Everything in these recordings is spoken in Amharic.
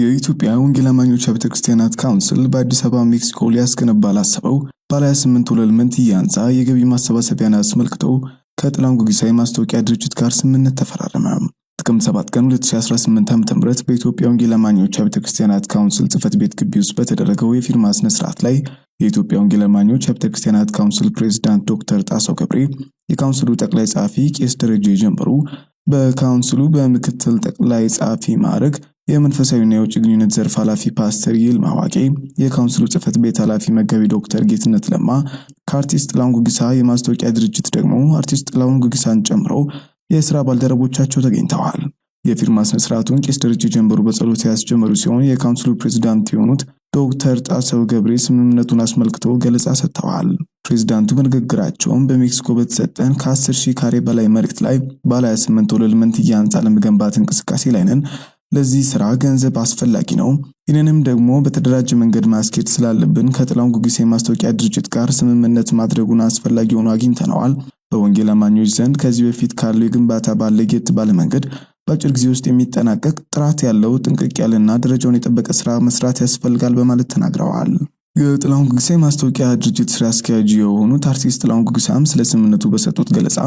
የኢትዮጵያ ወንጌላማኞች ቤተ ክርስቲያናት ካውንስል በአዲስ አበባ ሜክሲኮ ሊያስገነባ ላሰበው ባለ 28 ወለል መንትያ ሕንፃ የገቢ ማሰባሰቢያን አስመልክቶ ከጥላሁን ጉጊሳ የማስታወቂያ ድርጅት ጋር ስምምነት ተፈራረመ። ጥቅምት 7 ቀን 2018 ዓ.ም በኢትዮጵያ ወንጌላማኞች ቤተ ክርስቲያናት ካውንስል ጽፈት ቤት ግቢ ውስጥ በተደረገው የፊርማ ስነ ስርዓት ላይ የኢትዮጵያ ወንጌላማኞች ቤተ ክርስቲያናት ካውንስል ፕሬዝዳንት ዶክተር ጣሰው ገብሬ፣ የካውንስሉ ጠቅላይ ጸሐፊ ቄስ ደረጀ ጀምበሩ፣ በካውንስሉ በምክትል ጠቅላይ ጸሐፊ ማዕረግ የመንፈሳዊና የውጭ ግንኙነት ዘርፍ ኃላፊ ፓስተር ይልማ ዋቄ፣ የካውንስሉ ጽህፈት ቤት ኃላፊ መጋቢ ዶክተር ጌትነት ለማ ከአርቲስት ጥላሁን ጉግሳ የማስታወቂያ ድርጅት ደግሞ አርቲስት ጥላሁን ጉግሳን ጨምሮ የስራ ባልደረቦቻቸው ተገኝተዋል። የፊርማ ስነ ስርዓቱን ቄስ ደረጀ ጀንበሩ በጸሎት ያስጀመሩ ሲሆን የካውንስሉ ፕሬዝዳንት የሆኑት ዶክተር ጣሰው ገብሬ ስምምነቱን አስመልክቶ ገለጻ ሰጥተዋል። ፕሬዚዳንቱ በንግግራቸውም በሜክሲኮ በተሰጠን ከ10 ሺህ ካሬ በላይ መሬት ላይ ባለ 28 ወለል መንትያ ህንፃ ለመገንባት እንቅስቃሴ ላይ ነን ለዚህ ስራ ገንዘብ አስፈላጊ ነው። ይህንንም ደግሞ በተደራጀ መንገድ ማስኬድ ስላለብን ከጥላሁን ጉጊሳ የማስታወቂያ ድርጅት ጋር ስምምነት ማድረጉን አስፈላጊ ሆኖ አግኝተነዋል። በወንጌል አማኞች ዘንድ ከዚህ በፊት ካለው የግንባታ ባለ ጌት ባለ መንገድ በአጭር ጊዜ ውስጥ የሚጠናቀቅ ጥራት ያለው ጥንቅቅ ያለና ደረጃውን የጠበቀ ስራ መስራት ያስፈልጋል በማለት ተናግረዋል። የጥላሁን ጉግሳ የማስታወቂያ ድርጅት ስራ አስኪያጅ የሆኑት አርቲስት ጥላሁን ጉግሳም ስለ ስምምነቱ በሰጡት ገለጻ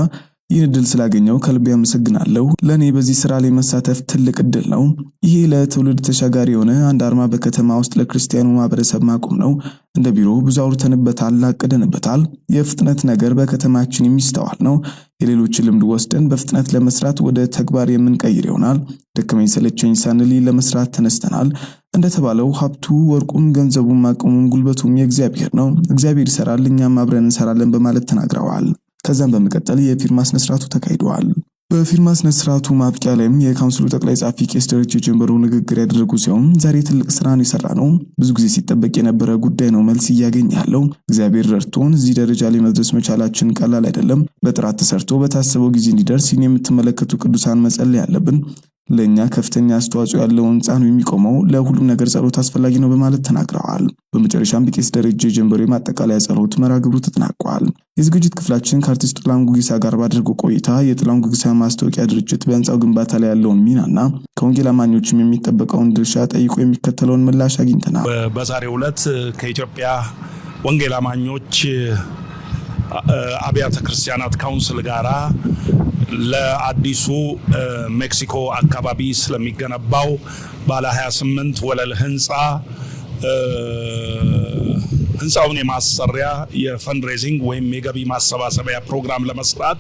ይህን እድል ስላገኘው ከልብ ያመሰግናለሁ። ለእኔ በዚህ ስራ ላይ መሳተፍ ትልቅ እድል ነው። ይሄ ለትውልድ ተሻጋሪ የሆነ አንድ አርማ በከተማ ውስጥ ለክርስቲያኑ ማህበረሰብ ማቆም ነው። እንደ ቢሮ ብዙ አውርተንበታል፣ አቅደንበታል። የፍጥነት ነገር በከተማችን የሚስተዋል ነው። የሌሎችን ልምድ ወስደን በፍጥነት ለመስራት ወደ ተግባር የምንቀይር ይሆናል። ደከመኝ ሰለቸኝ ሳንል ለመስራት ተነስተናል። እንደተባለው ሀብቱ ወርቁም፣ ገንዘቡም፣ አቅሙም ጉልበቱም የእግዚአብሔር ነው። እግዚአብሔር ይሰራል፣ እኛም አብረን እንሰራለን በማለት ተናግረዋል። ከዚያም በመቀጠል የፊርማ ስነስርዓቱ ተካሂደዋል። በፊርማ ስነስርዓቱ ማብቂያ ላይም የካውንስሉ ጠቅላይ ጸሐፊ ቄስ ደረጀ ጀንበሩ ንግግር ያደረጉ ሲሆን ዛሬ ትልቅ ስራ ነው የሰራ ነው፣ ብዙ ጊዜ ሲጠበቅ የነበረ ጉዳይ ነው መልስ እያገኘ ያለው። እግዚአብሔር ረድቶን እዚህ ደረጃ ላይ መድረስ መቻላችን ቀላል አይደለም። በጥራት ተሰርቶ በታሰበው ጊዜ እንዲደርስ ይህን የምትመለከቱ ቅዱሳን መጸለይ ያለብን ለእኛ ከፍተኛ አስተዋጽኦ ያለው ህንፃ ነው የሚቆመው። ለሁሉም ነገር ጸሎት አስፈላጊ ነው በማለት ተናግረዋል። በመጨረሻም በቄስ ደረጀ ጀንበሮ ማጠቃለያ ጸሎት መርሃ ግብሩ ተጠናቋል። የዝግጅት ክፍላችን ከአርቲስት ጥላሁን ጉጊሳ ጋር ባደረገው ቆይታ የጥላሁን ጉጊሳ ማስታወቂያ ድርጅት በህንፃው ግንባታ ላይ ያለውን ሚናና ከወንጌል አማኞችም የሚጠበቀውን ድርሻ ጠይቆ የሚከተለውን ምላሽ አግኝተናል። በዛሬው ዕለት ከኢትዮጵያ ወንጌል አማኞች አብያተ ክርስቲያናት ካውንስል ጋራ ለአዲሱ ሜክሲኮ አካባቢ ስለሚገነባው ባለ 28 ወለል ህንፃ ህንፃውን የማሰሪያ የፈንድሬዚንግ ወይም የገቢ ማሰባሰቢያ ፕሮግራም ለመስራት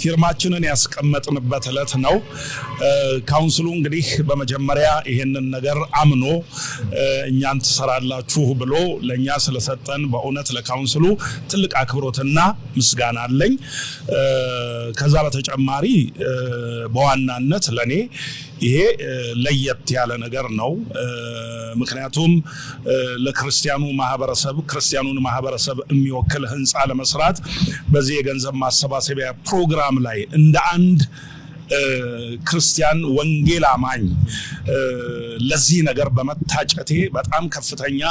ፊርማችንን ያስቀመጥንበት እለት ነው። ካውንስሉ እንግዲህ በመጀመሪያ ይሄንን ነገር አምኖ እኛን ትሰራላችሁ ብሎ ለእኛ ስለሰጠን በእውነት ለካውንስሉ ትልቅ አክብሮትና ምስጋና አለኝ። ከዛ በተጨማሪ በዋናነት ለእኔ ይሄ ለየት ያለ ነገር ነው። ምክንያቱም ለክርስቲያኑ ማህበር ማህበረሰብ ክርስቲያኑን ማህበረሰብ የሚወክል ህንፃ ለመስራት በዚህ የገንዘብ ማሰባሰቢያ ፕሮግራም ላይ እንደ አንድ ክርስቲያን ወንጌል አማኝ ለዚህ ነገር በመታጨቴ በጣም ከፍተኛ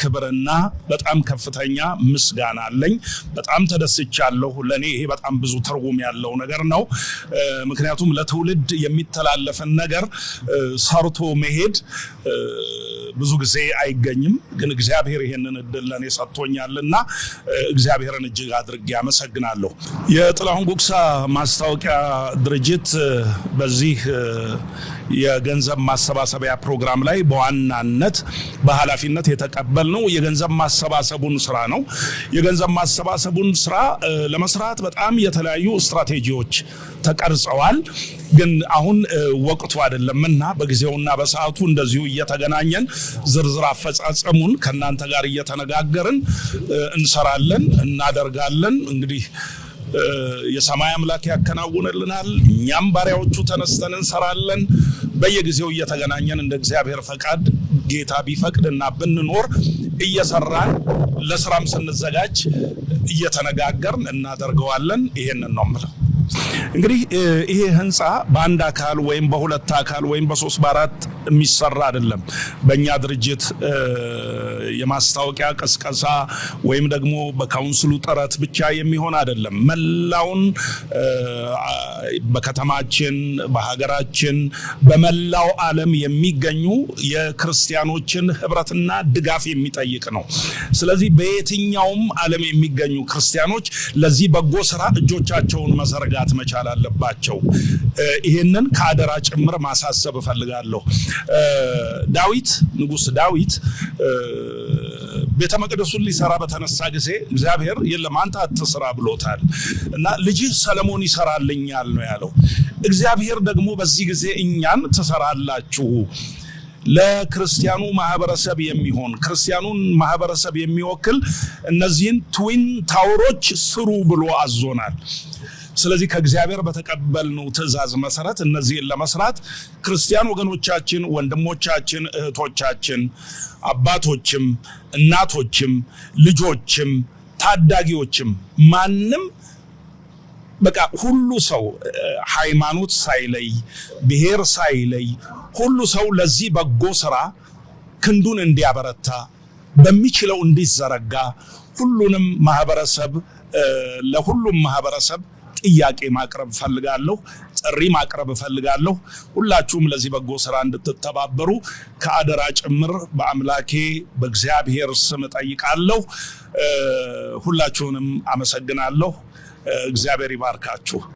ክብርና በጣም ከፍተኛ ምስጋና አለኝ። በጣም ተደስቻለሁ። ለእኔ ይሄ በጣም ብዙ ትርጉም ያለው ነገር ነው። ምክንያቱም ለትውልድ የሚተላለፍን ነገር ሰርቶ መሄድ ብዙ ጊዜ አይገኝም። ግን እግዚአብሔር ይሄንን እድል ለእኔ ሰጥቶኛልና እግዚአብሔርን እጅግ አድርጌ አመሰግናለሁ። የጥላሁን ጉግሳ ማስታወቂያ ድርጅት በዚህ የገንዘብ ማሰባሰቢያ ፕሮግራም ላይ በዋናነት በኃላፊነት የተቀበልነው የገንዘብ ማሰባሰቡን ስራ ነው። የገንዘብ ማሰባሰቡን ስራ ለመስራት በጣም የተለያዩ ስትራቴጂዎች ተቀርጸዋል። ግን አሁን ወቅቱ እና በጊዜውና በሰዓቱ እንደዚሁ እየተገናኘን ዝርዝር አፈጻጸሙን ከእናንተ ጋር እየተነጋገርን እንሰራለን፣ እናደርጋለን እንግዲህ የሰማይ አምላክ ያከናውንልናል። እኛም ባሪያዎቹ ተነስተን እንሰራለን። በየጊዜው እየተገናኘን እንደ እግዚአብሔር ፈቃድ ጌታ ቢፈቅድና ብንኖር እየሰራን ለስራም ስንዘጋጅ እየተነጋገርን እናደርገዋለን። ይሄንን ነው ምለው። እንግዲህ ይሄ ህንፃ በአንድ አካል ወይም በሁለት አካል ወይም በሶስት በአራት የሚሰራ አይደለም። በእኛ ድርጅት የማስታወቂያ ቀስቀሳ ወይም ደግሞ በካውንስሉ ጥረት ብቻ የሚሆን አይደለም። መላውን በከተማችን፣ በሀገራችን፣ በመላው ዓለም የሚገኙ የክርስቲያኖችን ህብረትና ድጋፍ የሚጠይቅ ነው። ስለዚህ በየትኛውም ዓለም የሚገኙ ክርስቲያኖች ለዚህ በጎ ስራ እጆቻቸውን መዘርጋ መረዳት መቻል አለባቸው። ይህንን ከአደራ ጭምር ማሳሰብ እፈልጋለሁ። ዳዊት ንጉስ ዳዊት ቤተ መቅደሱን ሊሰራ በተነሳ ጊዜ እግዚአብሔር የለም አንተ አትስራ ብሎታል እና ልጅህ ሰለሞን ይሰራልኛል ነው ያለው። እግዚአብሔር ደግሞ በዚህ ጊዜ እኛን ትሰራላችሁ ለክርስቲያኑ ማህበረሰብ የሚሆን ክርስቲያኑን ማህበረሰብ የሚወክል እነዚህን ትዊን ታወሮች ስሩ ብሎ አዞናል። ስለዚህ ከእግዚአብሔር በተቀበልነው ትእዛዝ መሰረት እነዚህን ለመስራት ክርስቲያን ወገኖቻችን፣ ወንድሞቻችን፣ እህቶቻችን፣ አባቶችም፣ እናቶችም፣ ልጆችም፣ ታዳጊዎችም ማንም በቃ ሁሉ ሰው ሃይማኖት ሳይለይ ብሔር ሳይለይ ሁሉ ሰው ለዚህ በጎ ስራ ክንዱን እንዲያበረታ በሚችለው እንዲዘረጋ ሁሉንም ማህበረሰብ ለሁሉም ማህበረሰብ ጥያቄ ማቅረብ እፈልጋለሁ፣ ጥሪ ማቅረብ እፈልጋለሁ። ሁላችሁም ለዚህ በጎ ስራ እንድትተባበሩ ከአደራ ጭምር በአምላኬ በእግዚአብሔር ስም እጠይቃለሁ። ሁላችሁንም አመሰግናለሁ። እግዚአብሔር ይባርካችሁ።